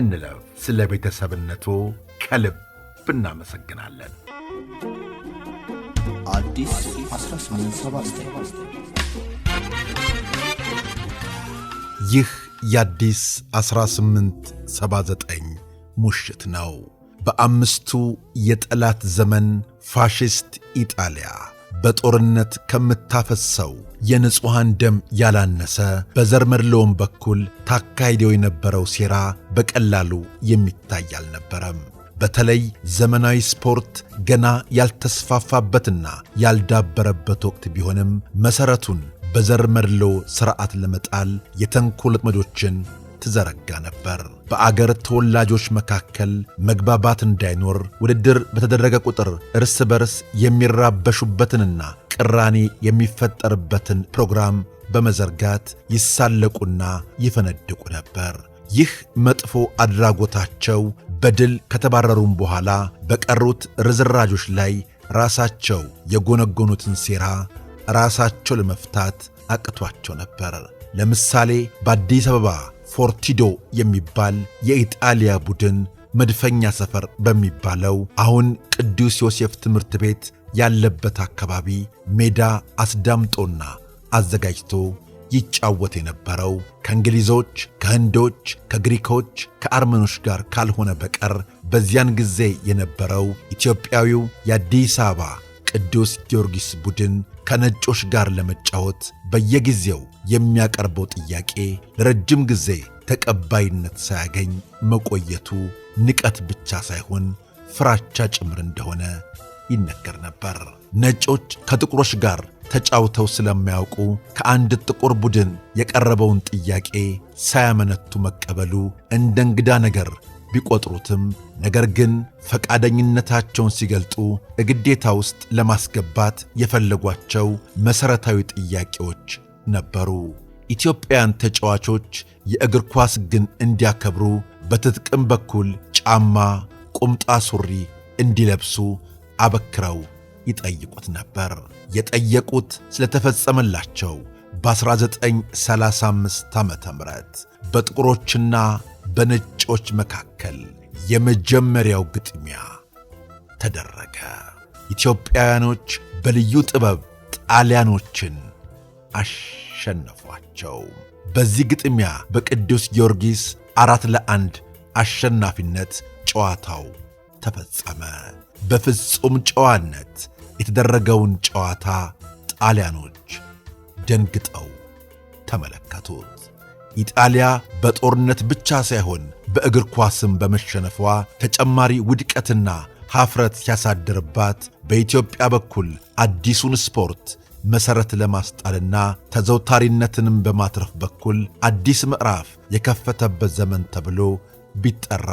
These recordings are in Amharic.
እንለፍ። ስለ ቤተሰብነቱ ከልብ እናመሰግናለን። ይህ የአዲስ 1879 ሙሽት ነው። በአምስቱ የጠላት ዘመን ፋሽስት ኢጣሊያ በጦርነት ከምታፈሰው የንጹሐን ደም ያላነሰ በዘር በኩል ታካሂደው የነበረው ሴራ በቀላሉ የሚታይ አልነበረም። በተለይ ዘመናዊ ስፖርት ገና ያልተስፋፋበትና ያልዳበረበት ወቅት ቢሆንም መሠረቱን በዘር መድሎ ሥርዓት ለመጣል የተንኮል ትዘረጋ ነበር። በአገር ተወላጆች መካከል መግባባት እንዳይኖር ውድድር በተደረገ ቁጥር እርስ በርስ የሚራበሹበትንና ቅራኔ የሚፈጠርበትን ፕሮግራም በመዘርጋት ይሳለቁና ይፈነድቁ ነበር። ይህ መጥፎ አድራጎታቸው በድል ከተባረሩም በኋላ በቀሩት ርዝራጆች ላይ ራሳቸው የጎነጎኑትን ሴራ ራሳቸው ለመፍታት አቅቷቸው ነበር። ለምሳሌ በአዲስ አበባ ፎርቲዶ የሚባል የኢጣሊያ ቡድን መድፈኛ ሰፈር በሚባለው አሁን ቅዱስ ዮሴፍ ትምህርት ቤት ያለበት አካባቢ ሜዳ አስዳምጦና አዘጋጅቶ ይጫወት የነበረው ከእንግሊዞች፣ ከህንዶች፣ ከግሪኮች፣ ከአርመኖች ጋር ካልሆነ በቀር በዚያን ጊዜ የነበረው ኢትዮጵያዊው የአዲስ አበባ ቅዱስ ጊዮርጊስ ቡድን ከነጮች ጋር ለመጫወት በየጊዜው የሚያቀርበው ጥያቄ ለረጅም ጊዜ ተቀባይነት ሳያገኝ መቆየቱ ንቀት ብቻ ሳይሆን ፍራቻ ጭምር እንደሆነ ይነገር ነበር። ነጮች ከጥቁሮች ጋር ተጫውተው ስለማያውቁ ከአንድ ጥቁር ቡድን የቀረበውን ጥያቄ ሳያመነቱ መቀበሉ እንደ እንግዳ ነገር ቢቆጥሩትም ነገር ግን ፈቃደኝነታቸውን ሲገልጡ ግዴታ ውስጥ ለማስገባት የፈለጓቸው መሠረታዊ ጥያቄዎች ነበሩ። ኢትዮጵያውያን ተጫዋቾች የእግር ኳስ ግን እንዲያከብሩ በትጥቅም በኩል ጫማ፣ ቁምጣ፣ ሱሪ እንዲለብሱ አበክረው ይጠይቁት ነበር። የጠየቁት ስለተፈጸመላቸው በ1935 ዓ ም በጥቁሮችና በነጮች መካከል የመጀመሪያው ግጥሚያ ተደረገ። ኢትዮጵያውያኖች በልዩ ጥበብ ጣሊያኖችን አሸነፏቸው። በዚህ ግጥሚያ በቅዱስ ጊዮርጊስ አራት ለአንድ አሸናፊነት ጨዋታው ተፈጸመ። በፍጹም ጨዋነት የተደረገውን ጨዋታ ጣሊያኖች ደንግጠው ተመለከቱት። ኢጣሊያ በጦርነት ብቻ ሳይሆን በእግር ኳስም በመሸነፏ ተጨማሪ ውድቀትና ሐፍረት ሲያሳድርባት በኢትዮጵያ በኩል አዲሱን ስፖርት መሠረት ለማስጣልና ተዘውታሪነትንም በማትረፍ በኩል አዲስ ምዕራፍ የከፈተበት ዘመን ተብሎ ቢጠራ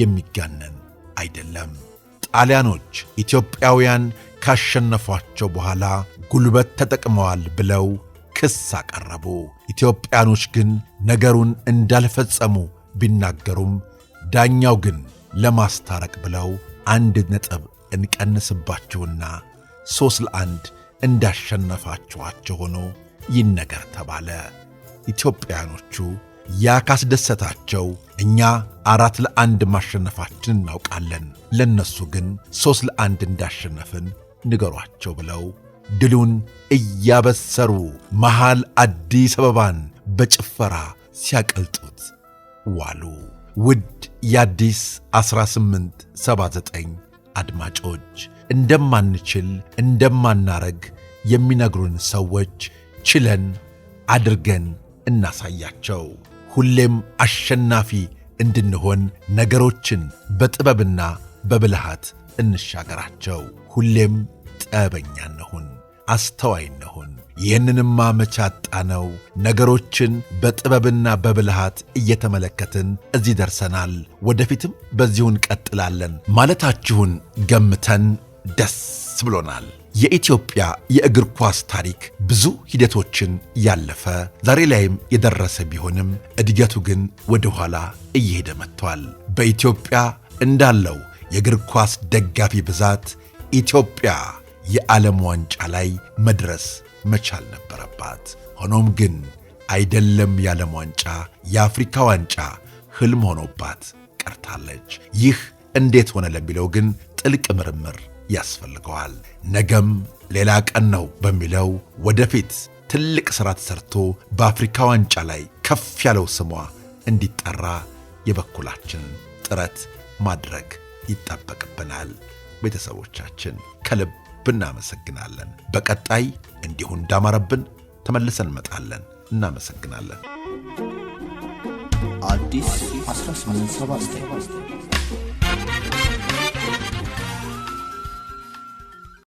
የሚጋነን አይደለም። ጣሊያኖች ኢትዮጵያውያን ካሸነፏቸው በኋላ ጉልበት ተጠቅመዋል ብለው ክስ አቀረቡ። ኢትዮጵያኖች ግን ነገሩን እንዳልፈጸሙ ቢናገሩም ዳኛው ግን ለማስታረቅ ብለው አንድ ነጥብ እንቀንስባችሁና ሦስት ለአንድ እንዳሸነፋችኋቸው ሆኖ ይነገር ተባለ። ኢትዮጵያኖቹ ያ ካስደሰታቸው እኛ አራት ለአንድ ማሸነፋችን እናውቃለን፣ ለእነሱ ግን ሦስት ለአንድ እንዳሸነፍን ንገሯቸው ብለው ድሉን እያበሰሩ መሃል አዲስ አበባን በጭፈራ ሲያቀልጡት ዋሉ። ውድ የአዲስ 1879 አድማጮች እንደማንችል እንደማናረግ የሚነግሩን ሰዎች ችለን አድርገን እናሳያቸው። ሁሌም አሸናፊ እንድንሆን ነገሮችን በጥበብና በብልሃት እንሻገራቸው። ሁሌም ጠበኛ እንሁን። አስተዋይ እንሆን። ይህንንማ መቼ አጣነው? ነገሮችን በጥበብና በብልሃት እየተመለከትን እዚህ ደርሰናል፣ ወደፊትም በዚሁን ቀጥላለን ማለታችሁን ገምተን ደስ ብሎናል። የኢትዮጵያ የእግር ኳስ ታሪክ ብዙ ሂደቶችን ያለፈ ዛሬ ላይም የደረሰ ቢሆንም እድገቱ ግን ወደ ኋላ እየሄደ መጥቷል። በኢትዮጵያ እንዳለው የእግር ኳስ ደጋፊ ብዛት ኢትዮጵያ የዓለም ዋንጫ ላይ መድረስ መቻል ነበረባት። ሆኖም ግን አይደለም የዓለም ዋንጫ፣ የአፍሪካ ዋንጫ ህልም ሆኖባት ቀርታለች። ይህ እንዴት ሆነ ለሚለው ግን ጥልቅ ምርምር ያስፈልገዋል። ነገም ሌላ ቀን ነው በሚለው ወደፊት ትልቅ ሥራ ተሰርቶ በአፍሪካ ዋንጫ ላይ ከፍ ያለው ስሟ እንዲጠራ የበኩላችን ጥረት ማድረግ ይጠበቅብናል። ቤተሰቦቻችን ከልብ ከልብ እናመሰግናለን። በቀጣይ እንዲሁ እንዳማረብን ተመልሰን እንመጣለን። እናመሰግናለን። አዲስ 1879